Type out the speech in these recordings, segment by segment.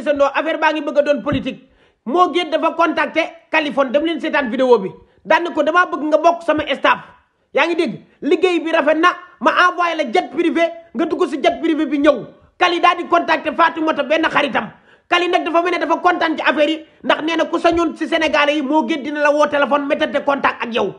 gisandoo affaire baa ngi bëgg a doon politique Mo Gates dafa contacter Kaliphone dem leen seetaan vidéo bi daan ko damaa bëgg nga bokk sama staff yaa ngi dégg liggéey bi rafet na ma envoyé la jet privé nga dugg si jet privé bi ñëw Kali daal di contacter Fatoumata benn xaritam Kali nag dafa mel dafa kontaan ci affaire yi ndax nee na ku sañoon si Sénégalais yi moo Gates dina la woo téléphone méttante contact ak yow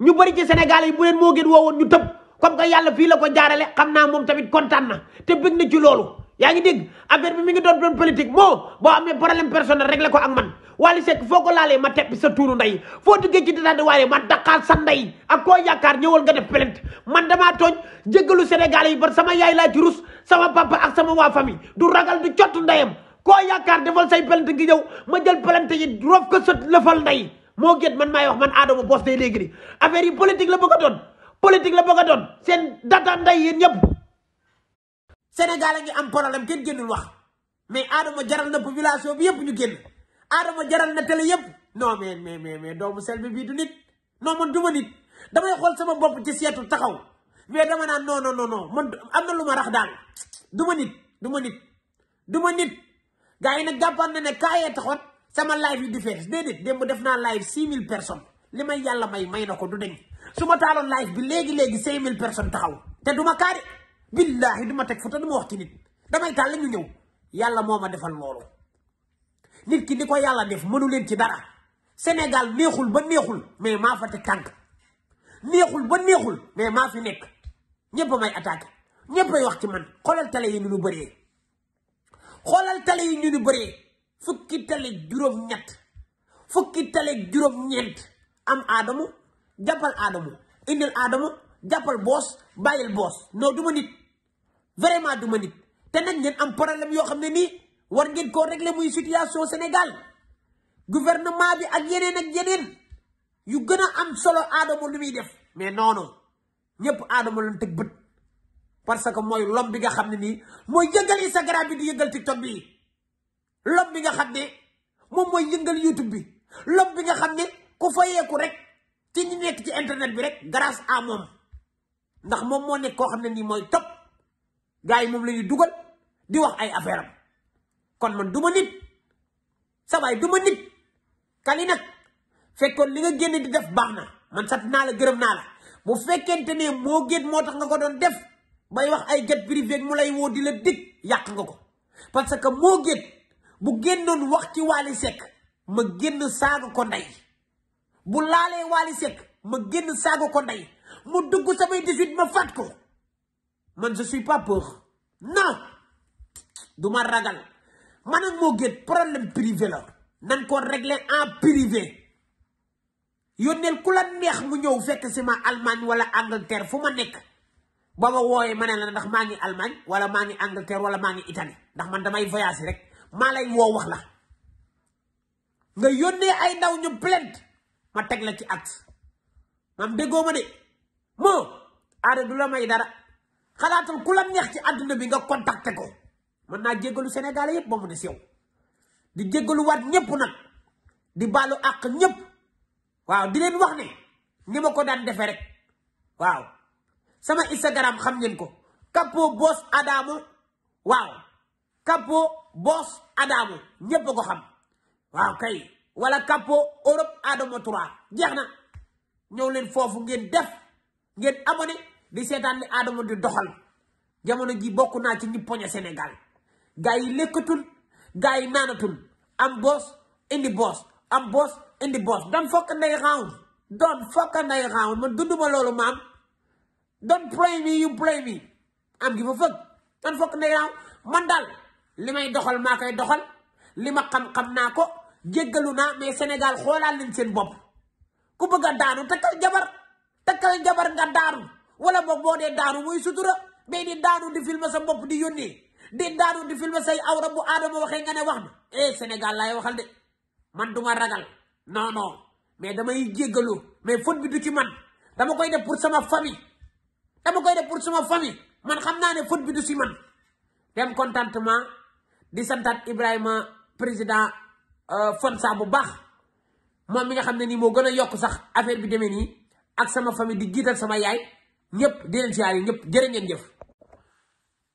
ñu bëri ci Sénégalais yi bu leen Mo Gates woowoon ñu tëb comme que yàlla fii la ko jaarale xam naa moom tamit kontaan na te bëgg na ci loolu yaa ngi dégg affaire bi mi ngi doon doon politique moo boo amee problème personnel réglé ko ak man Wally Seck foo ko laalee ma teppi sa tuuru ndey foo duggee ci ditaadi waalee ma daqaar sa ndey ak koo yaakaar ñëwal nga def plainte man damaa tooñ jéggalu Sénégalais yi bar sama yaay laa ci rus sama papa ak sama waa famille du ragal du cott ndeyam koo yaakaar defal say plainte ngi ñëw ma jël plainte yi rof ko sa lëfal ndey moo gét man maay wax man Adamo Boss day affaire yi politique la bëgg a doon politique la bëgg a seen data yéen ñëpp Sénégal am ngi am problème kenn génnul wax mais Adama jaral na population bi yëpp ñu génn Adama jaral na télé yëpp non mais mais mais mais doomu Selbe bii du nit non man du ma nit damay xool sama bopp ci seetu taxaw mais dama naan non non non man am na lu ma rax daal du ma nit du ma nit du ma nit gars yi nag jàppaan na ne kaayee taxoon sama live yu différence déedéet def naa live six mille personnes li may yàlla may may na ko du deñ su ma taaloon live bi léegi léegi cinq mille personnes taxaw te du ma kaari billaahi du ma teg foto du ma wax ci nit damay taal la ñu ñëw yàlla moo ma defal loolu nit ki di ko yàlla def mënu leen ci dara Sénégal neexul ba néexul mais maa fa teg tànk neexul ba néexul mais maa fi nekk ñëpp may attaqué ñëpp ay wax ci man xoolal tale yi ni ñu bëree xoolal tale yi ni ñu bëree fukki tale juróom-ñett fukki tale juróom-ñeent am aadamu jàppal aadamu indil aadamu jàppal boos bàyyil boos noo du ma nit vraiment du ma nit te nag ngeen am problème yoo xam ne nii war ngeen koo régler muy situation Sénégal gouvernement bi ak yeneen ak yeneen yu gën a am solo aadama lu muy def mais noonu non ñëpp aadama lañ tëg bët parce que mooy lom bi nga xam ne nii mooy yëngal Instagram bi di yëngal TikTok bi lom bi nga xam ne moom mooy yëngal YouTube bi lom bi nga xam ne ku fayeeku rek ci ñu nekk ci internet bi rek grâce à ndax moom moo nekk koo xam ne nii mooy topp gars yi moom la ñuy dugal di wax ay affaire kon man du ma nit sa waay nit kali nag fekkoon li nga génn di def baax na man sant naa la gërëm naa la bu fekkente ne moo génn moo tax nga ko doon def bay wax ay jet privé mu lay woo di la dig yàq nga ko parce que moo géet bu génnoon wax ci Wally Seck ma génn saaga ko ndey bu laalee Wally Seck ma génn saaga ko ndey mu dugg samay 18 ma fat ko man je suis pas peur du ma ragal man ak moo gét problème privé la nan koo régler en privé yónneel ku la neex mu ñëw fekk si ma Allemagne wala Angleterre fu ma nekk ba ma wooyee ma ne la ndax maa ngi Allemagne wala maa ngi Angleterre wala maa ngi Italie ndax man damay voyage rek maa lay woo wax la nga yónnee ay ndaw ñu plainte ma teg la ci at maam déggoo ma de moo aada du la may dara xalaatal ku la neex ci àdduna bi nga contacté ko mën naa jéggalu Sénégalais yépp moom mu des di jéggalu waat ñépp nag di baalu ak ñépp waaw di leen wax ne ni ma ko daan defee rek waaw sama Instagram xam ngeen ko kapo Boss Adamo waaw Capo Boss Adamo ñépp ko xam waaw kay wala Capo Europe Adamo 3 jeex na ñëw leen foofu ngeen def ngeen abonné di seetaan ni aadama di doxal jamono ji bokk naa ci ñi poñe Sénégal gars yi lekkatul gars yi naanatul am boos indi boos am boos indi boos doon fokk nday round doon fokk nday round man daal li may doxal maa koy doxal li ma xam-xam naa ko jéggalu naa mais Sénégal xoolaal nañ seen bopp ku bëgg a daanu takkal jabar takkal jabar nga daaru wala boog boo dee daaru mooy sutura mais di daaru di filmer sa bopp di yónnee di daaru di filmer sa awra bu aadama waxee nga ne wax bi eh Sénégal laay waxal de man du ma ragal non mais damay jéggalu mais faute bi du ci man dama koy def pour sama famille dama koy def pour sama famille man xam naa ne faute bi du si man dem contentement di santaat Ibrahima président euh, Fonsa bu baax moom mi nga xam ne nii moo gën a yokk sax affaire bi demee nii. ak sama famille di jiital sama yaay ñëpp di leen siyaare ñëpp jërë ngeen jëf.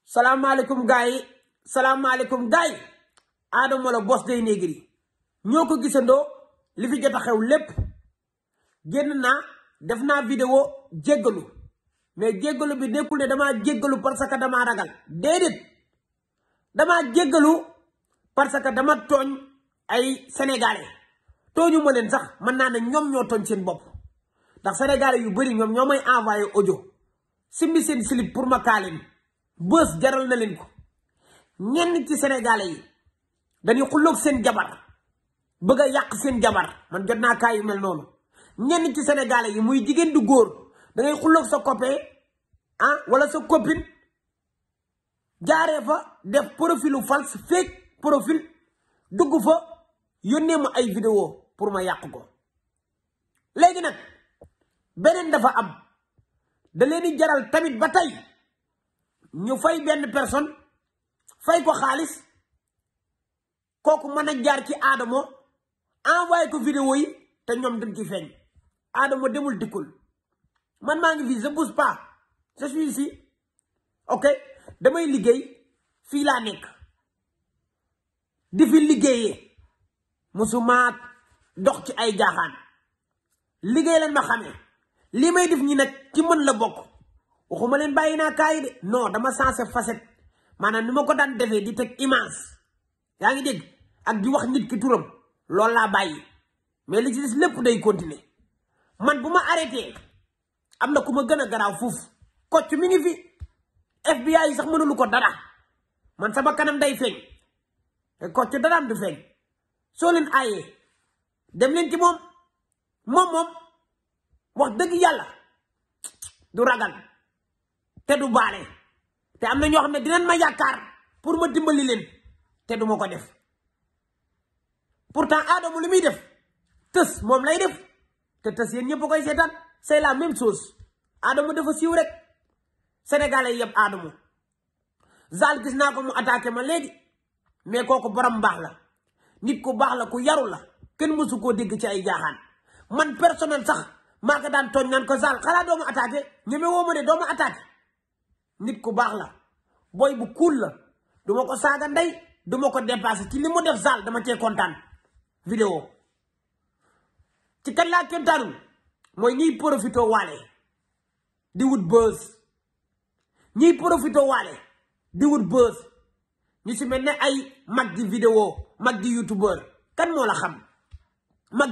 salaamaaleykum gars yi salaamaaleykum gars yi Adama la Boss ñoo ko gisandoo li fi jot a xew lépp génn naa def naa vidéo jéggalu mais jéggalu bi nekkul ne damaa jéggalu parce que damaa ragal déedéet damaa jéggalu parce que dama tooñ ay sénégalais tooñu ma leen sax mën naa ne ñoom ñoo tooñ seen bopp. ndax sénégalais yu bëri ñoom ñoo may envoyé audio simbi seen slip pour ma kaaleen bës jaral na leen ko ñenn ci sénégalais yi dañuy xulloog seen jabar bëgg a yàq seen jabar man jot naa kaay yu mel noonu ñenn ci sénégalais yi muy jigéen du góor da ngay xulloog sa copain ah wala sa copine jaaree fa def profilu false fake profil dugg fa yónnee ma ay vidéo pour ma yàq ko léegi nag beneen dafa am da di jaral tamit ba tey ñu fay benn personne fay ko xaalis kooku mën a jaar ci Adamo envoyé ko vidéo yi te ñoom dañ ci feeñ Adamo demul dikkul man maa ngi fii je bouge pas je suis ici ok damay liggéey fii laa nekk di fi musumaat dox ci ay jaaxaan liggéey lañ ma xamee lii may def ñi nag ci mën la bokk waxuma leen bàyyi naa kaay de noo dama sensé facette maanaam ni ma ko daan defee di teg image yaa ngi dégg ak di wax nit ki turam loolu laa bàyyi mais li ci des lépp day continuer man bu ma arrêté am na ku ma gën a garaaw foofu Kocc mi ngi fi FBI yi sax mënulu ko dara man sama kanam day feeñ te Kocc daraam du feeñ soo leen aayee dem leen ci moom moom moom wax dëgg yàlla du ragal te du baale te am na ñoo xam ne dinañ ma yaakaar pour ma dimbali leen te du ma ko def pourtant Adama lu muy def tës moom lay def te tës yéen ñëpp koy seetaan c'est la même chose Adama dafa siiw rek sénégalais yëpp Adama zal gis naa ko mu attaqué ma léegi mais kooku borom mbaax la nit ku baax la ku yaru la kenn mësu koo dégg ci ay jaaxaan man personnel sax. maa ko daan tooñ naan ko Zal xanaa doomu attaqué ñeme woo ma ne doomu attaqué nit ku baax la booy bu kuul la du ma ko saaga ndey du ma ko dépassé ci li mu def Zal dama cee kontaan vidéo ci kan laa kontaanul mooy ñiy profité waale di wut buzz ñiy profité waale di wut buzz ñu si mel ne ay mag di vidéo mag di youtubeur kan moo la xam mag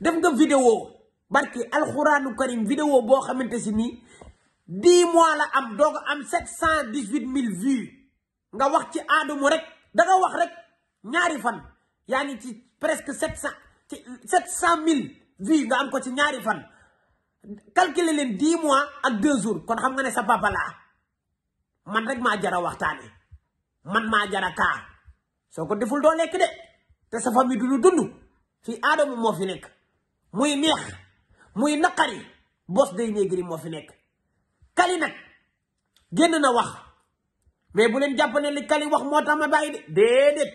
def nga vidéo barki alxuraanu karim vidéo boo xamante si nii dix mois la am doog am sept cent dix huit mille vues nga wax ci Adamo rek da wax rek ñaari fan yaa ngi ci presque sept cent ci sept cent mille vues nga am ko ci ñaari fan calculer leen di mois ak deux jours kon xam nga ne sa papa man rek maa jara waxtaane man maa jara kaa soo ko deful doo lekk de te sa famille du lu dund fii Adamo moo fi nekk muy neex muy naqari bos Day Negri moo fi nekk Kali nag génn na wax mais bu leen jàpp ne li Kali wax moo tax ma bàyyi de déedéet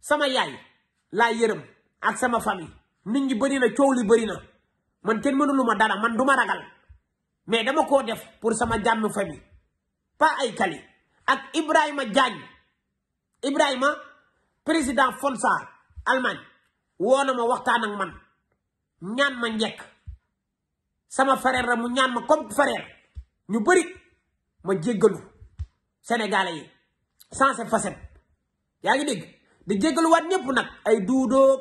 sama yaay laa yërëm ak sama fami nit ñi bëri na coow li bëri na man kenn mënulu ma dara man du ma ragal mais dama koo def pour sama jàmm famille pa ay Kali ak Ibrahima Diagne Ibrahima président Fonsa Allemagne woo na ma waxtaan ak man ñaan ma njekk sama frère la mu ñaan ma comme frère ñu bëri ma jéggalu sénégalais yi sans cette facette yaa ngi dégg di jéggaluwaat ñëpp nag ay duudoog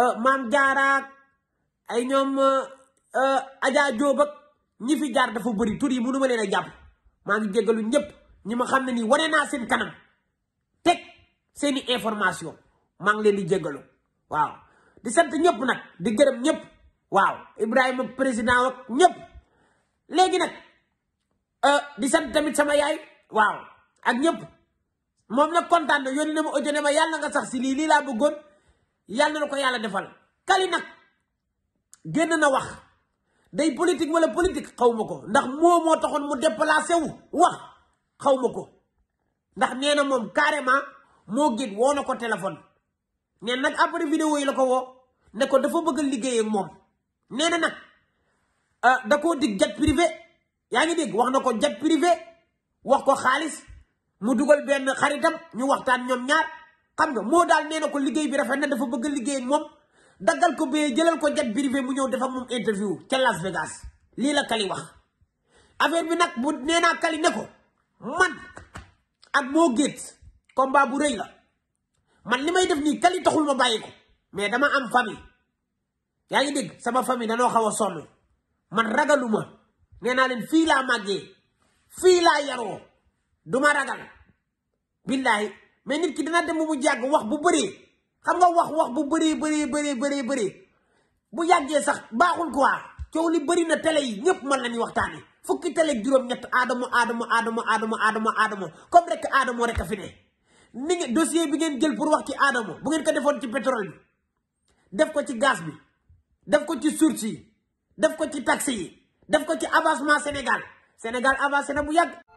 euh, maam jaaraak ay ñoom euh, Adja Jóob ñi fi jaar dafa bëri tur yi mënu ma leen a jàpp maa ngi jéggalu ñëpp ñi ma xam ne nii wane naa seen kanam teg seeni information maa ngi leen di jéggalu waaw di sant ñëpp nag di gërëm ñëpp waaw Ibrahima président ak ñëpp léegi nag euh, di sant tamit sama yaay waaw ak ñëpp moom nag kontaan na yónni na ma audio ne ma yàlla nga sax si lii lii laa bëggoon yàlla na ko yàlla defal kali nag génn na wax day politique walla politique xaw ma ko ndax moo moo taxoon mu déplacé wu wax xaw ma ko ndax nee na moom carrément moo gën woo na ko téléphone neen nag après vidéo yi la ko wo ne ko dafa bëgg a liggéey moom nee na nag ah, da koo dig jet privé yaa ngi dégg wax na ko jet privé wax ko xaalis mu dugal benn xaritam ñu waxtaan ñoom ñaar xam nga moo daal nee na ko liggéey bi rafet na dafa bëgg liggéey moom daggal ko bee jëlal ko jat privé mu ñëw dafa moom interview ca Las Vegas lii la Kali wax affaire bi nag bu naa Kali ne ko man ak moo géet combat bu rëy la man li may def nii tali taxul ma bàyyi ko mais dama am famille yaa ngi dégg sama famille danoo xaw a sonn man ragaluma nee naa leen fii laa màggee fii laa yaroo duma ragal billaahi mais nit ki dina dem bu mu jàgg wax bu bëree xam nga wax wax bu bëree bëree bëree bëree bëree bu yàggee sax baaxul quoi coow li bëri na tele yi ñëpp na nañu waxtaane fukki télé juróom-ñett aadama aadama aadama aadama aadama aadama comme rek aadama rek a fi ne ni ngeen dossier bi ngeen jël pour wax ci Adamo bu ngeen ko defoon ci pétrole bi def ko ci gaz bi def ko ci source yi def ko ci taxi yi def ko ci avancement Sénégal Sénégal avancé na bu yàgg.